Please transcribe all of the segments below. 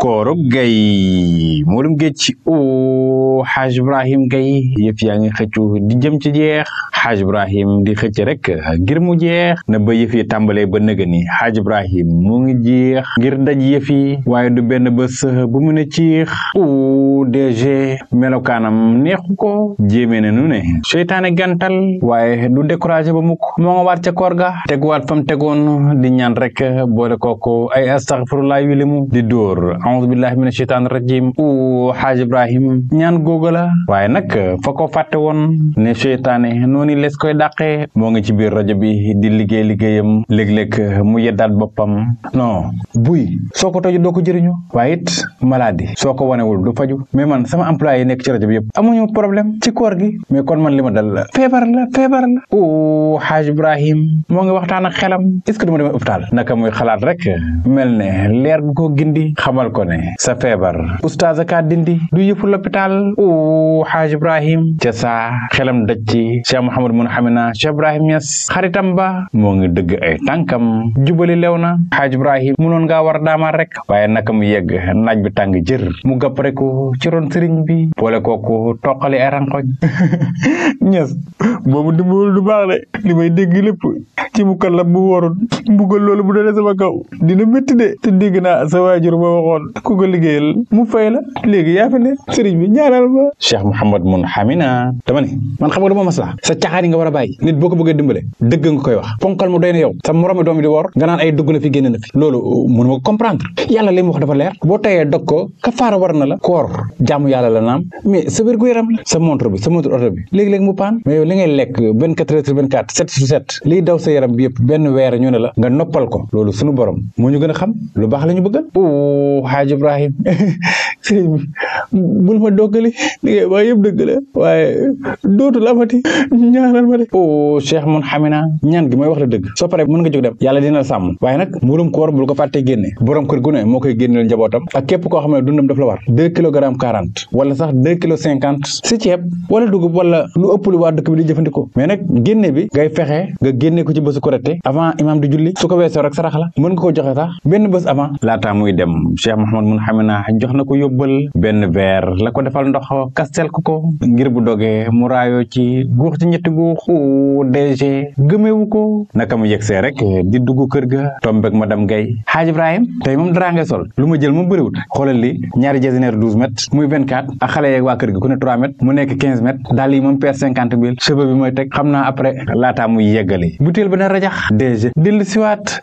korok gay modum gecci o haj ibrahim gay yef ya nga xëccu di jëm ci jeex haj ibrahim di xëcc rek ngir mu jeex na ba yef yi tambale ba neug ni haj ibrahim mu ngi jeex ngir daj yef yi waye du ben ba se bu mu ne ci o dg melokanam neexu ko jéeme na nu ne sheytane gantal waye du décourager ba muko mo nga war ci koor ga wat fam tegoon di ñaan rek boole koko ay astaghfirullah yu di dóor aoudubillahi mina sheytaan rajim u xaaj ibrahim ñaan googa la waaye nag fa ko fàtte woon ne seytaane noonu lees koy dàqee moo ngi ci biir rajo bi di liggéey liggéeyam léeg-léeg mu yeddaat boppam no buy soo ko toju doo ko jëriñu waaye it maladie soo ko wanewul du faju mais man sama employé yi nekk ci rajo bi yëpp amuñu problème ci koor gi mais kon man li ma dal la feebar la feebar la o xaaj ibrahim moo ngi waxtaan ak xelam est ce que du ma demee hôpital naka xalaat ne sa feebar oustaz aka dindi du yëfu l'hôpital o xaaj ibrahim ca saa xelam daj ci cheikh mouhamad mun xamina cheikh ibrahim Niass xaritam ba moo ngi dëgg ay tànkam jubali lew na xaaj mu munoon ngaa war daamaar rek waaye naka mu yeg naaj bi tàng jër mu gapp reku ci ron sëriñ bi boole kooku toqali ay rankoñ Niass boobu dimbalul du baax de li may deg lepp ci mu kàlla bu warut mbugal lolou bu dene sama kaw dina metti de te deg na sa wajur ba waxon ku ko liggéeyal mu fay la legi ya fa ne serigne bi ñaanal ba Cheikh mohammed mun Hamina tamane man xam nga dama masla sa caaxaan nga wara bayyi nit boko ko dimbalé deug nga koy wax ponkal mu doyna yow sa morom doom yi di wor nga nan ay dugg na fi genn na fi lolou mu ma comprendre yalla lay mu wax dafa leer bo tayé dog ko kafaara war na la koor jamu yalla la nam mais sa wér gu yaram la sa montre bi sa montre auto bi léegi-léegi mu pan mais yow li ngay ngay lekk 24 heures sur 24 7 sur 7 liy daw sa yaram bi yëpp weer ñu la nga noppal ko loolu suñu borom moo ñu gën a xam lu baax la ñu bëggal o xaaj Ibrahim sëriñ bi bul ma doggali li ngay wax yëpp dëgg la waaye dootul amati ñaanal ma de o oh, Cheikh mun xamina ñaan gi wax la dëgg soo paree mën nga jóg dem yàlla dina la sàmm waaye nag mburum koor bul ko fàttee génne borom kër gu ne moo koy génneel njabootam ak képp koo xam ne dundam daf la war deux kilogrammes quarante wala sax deux kilo cinquante si ceeb wala dugub wala lu ëpp lu waa dëkk bi di jëfandikoo mais nag génne bi ngay fexe nga génne ko ci bésu korite avant imam julli su ko weesoo rek sarax la mën nga joxe sax benn bés avant laataa muy dem Cheikh Mouhamed yóbbal benn verre la ko defal ndox kastel ko ko ngir bu dogee mu raayoo ci guux ci ñetti guux DG gëmewu ko naka mu yegsee rek di dugg kër ga tombeeg madame Gaye Haaj Ibrahim tey moom dara nga sol lu ma jël moom bëriwut xoolal li ñaari jasineer 12 mètres muy vint 24 ak xale yeeg waa kër gi ku ne 3 mètres mu nekk 15 mètres daal yi moom per 50 mille cheveux bi mooy teg xam na après laataa muy yeggali butéel ba ne rajax DG dellu siwaat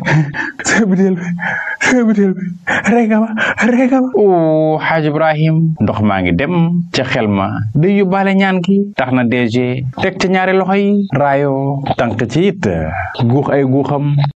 sa butéel regama regama o xaaj ibrahim ndox maa ngi dem ca xel ma day yóbbaale ñaan gi tax na DG teg ca ñaari loxo yi raayo tànk ci it guux ay guuxam